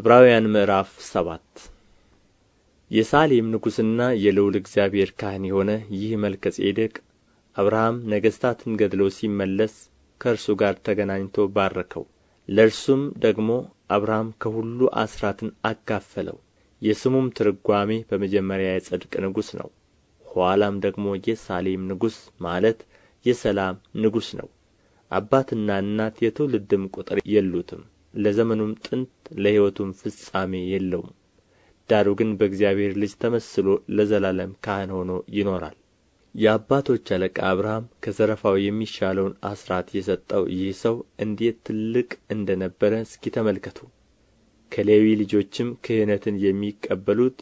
ዕብራውያን ምዕራፍ ሰባት የሳሌም ንጉሥና የልዑል እግዚአብሔር ካህን የሆነ ይህ መልከ ጼዴቅ አብርሃም ነገሥታትን ገድሎ ሲመለስ ከእርሱ ጋር ተገናኝቶ ባረከው። ለእርሱም ደግሞ አብርሃም ከሁሉ አስራትን አካፈለው። የስሙም ትርጓሜ በመጀመሪያ የጸድቅ ንጉሥ ነው፣ ኋላም ደግሞ የሳሌም ንጉሥ ማለት የሰላም ንጉሥ ነው። አባትና እናት የትውልድም ቁጥር የሉትም ለዘመኑም ጥንት ለሕይወቱም ፍጻሜ የለውም ዳሩ ግን በእግዚአብሔር ልጅ ተመስሎ ለዘላለም ካህን ሆኖ ይኖራል የአባቶች አለቃ አብርሃም ከዘረፋው የሚሻለውን አስራት የሰጠው ይህ ሰው እንዴት ትልቅ እንደ ነበረ እስኪ ተመልከቱ ከሌዊ ልጆችም ክህነትን የሚቀበሉት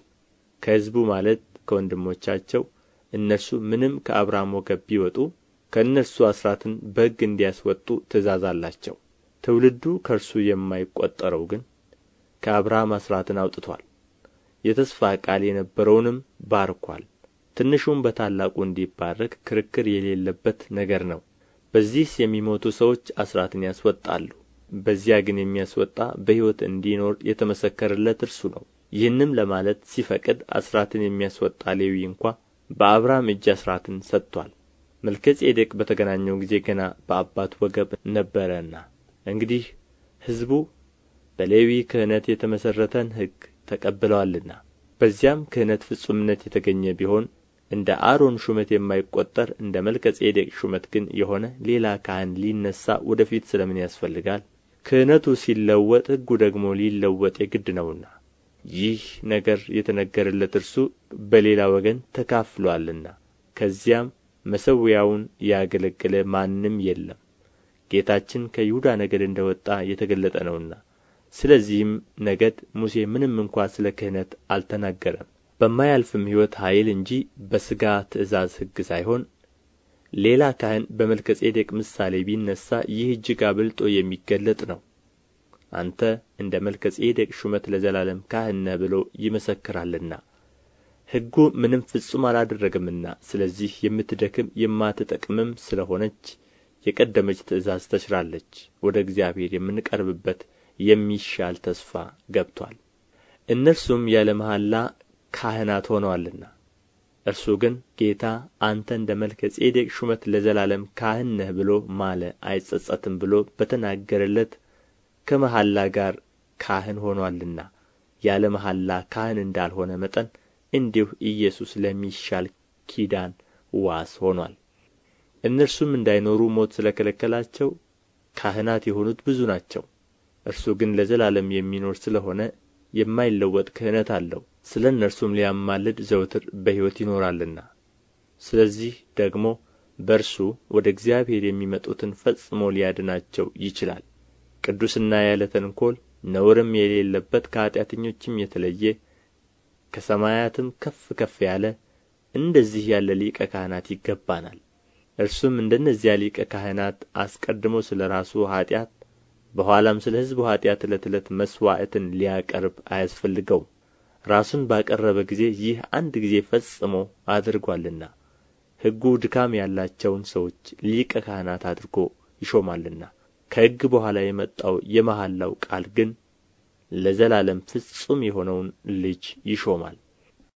ከሕዝቡ ማለት ከወንድሞቻቸው እነርሱ ምንም ከአብርሃም ወገብ ቢወጡ ከእነርሱ አስራትን በሕግ እንዲያስወጡ ትእዛዝ አላቸው ትውልዱ ከእርሱ የማይቈጠረው ግን ከአብርሃም አስራትን አውጥቶአል የተስፋ ቃል የነበረውንም ባርኳል ትንሹም በታላቁ እንዲባረክ ክርክር የሌለበት ነገር ነው በዚህስ የሚሞቱ ሰዎች አስራትን ያስወጣሉ በዚያ ግን የሚያስወጣ በሕይወት እንዲኖር የተመሰከረለት እርሱ ነው ይህንም ለማለት ሲፈቅድ አስራትን የሚያስወጣ ሌዊ እንኳ በአብርሃም እጅ አስራትን ሰጥቶአል መልከ ጼዴቅ በተገናኘው ጊዜ ገና በአባቱ ወገብ ነበረና እንግዲህ ሕዝቡ በሌዊ ክህነት የተመሠረተን ሕግ ተቀብለዋልና በዚያም ክህነት ፍጹምነት የተገኘ ቢሆን እንደ አሮን ሹመት የማይቈጠር እንደ መልከ ጼዴቅ ሹመት ግን የሆነ ሌላ ካህን ሊነሣ ወደ ፊት ስለ ምን ያስፈልጋል ክህነቱ ሲለወጥ ሕጉ ደግሞ ሊለወጥ የግድ ነውና ይህ ነገር የተነገረለት እርሱ በሌላ ወገን ተካፍሏልና ከዚያም መሠዊያውን ያገለገለ ማንም የለም ጌታችን ከይሁዳ ነገድ እንደ ወጣ የተገለጠ ነውና ስለዚህም ነገድ ሙሴ ምንም እንኳ ስለ ክህነት አልተናገረም በማያልፍም ሕይወት ኃይል እንጂ በሥጋ ትእዛዝ ሕግ ሳይሆን ሌላ ካህን በመልከ ጼዴቅ ምሳሌ ቢነሣ ይህ እጅግ አብልጦ የሚገለጥ ነው አንተ እንደ መልከ ጼዴቅ ሹመት ለዘላለም ካህን ነህ ብሎ ይመሰክራልና ሕጉ ምንም ፍጹም አላደረገምና ስለዚህ የምትደክም የማትጠቅምም ስለ ሆነች የቀደመች ትእዛዝ ተሽራለች ወደ እግዚአብሔር የምንቀርብበት የሚሻል ተስፋ ገብቶአል እነርሱም ያለ መሐላ ካህናት ሆነዋልና እርሱ ግን ጌታ አንተ እንደ መልከ ጼዴቅ ሹመት ለዘላለም ካህን ነህ ብሎ ማለ አይጸጸትም ብሎ በተናገረለት ከመሐላ ጋር ካህን ሆኗልና ያለ መሐላ ካህን እንዳልሆነ መጠን እንዲሁ ኢየሱስ ለሚሻል ኪዳን ዋስ ሆኗል እነርሱም እንዳይኖሩ ሞት ስለ ከለከላቸው ካህናት የሆኑት ብዙ ናቸው እርሱ ግን ለዘላለም የሚኖር ስለ ሆነ የማይለወጥ ክህነት አለው ስለ እነርሱም ሊያማልድ ዘውትር በሕይወት ይኖራልና ስለዚህ ደግሞ በእርሱ ወደ እግዚአብሔር የሚመጡትን ፈጽሞ ሊያድናቸው ይችላል ቅዱስና ያለ ተንኮል ነውርም የሌለበት ከኀጢአተኞችም የተለየ ከሰማያትም ከፍ ከፍ ያለ እንደዚህ ያለ ሊቀ ካህናት ይገባናል እርሱም እንደነዚያ ሊቀ ካህናት አስቀድሞ ስለ ራሱ ኃጢአት በኋላም ስለ ሕዝቡ ኃጢአት ዕለት ዕለት መሥዋዕትን ሊያቀርብ አያስፈልገውም ራሱን ባቀረበ ጊዜ ይህ አንድ ጊዜ ፈጽሞ አድርጓልና ሕጉ ድካም ያላቸውን ሰዎች ሊቀ ካህናት አድርጎ ይሾማልና ከሕግ በኋላ የመጣው የመሐላው ቃል ግን ለዘላለም ፍጹም የሆነውን ልጅ ይሾማል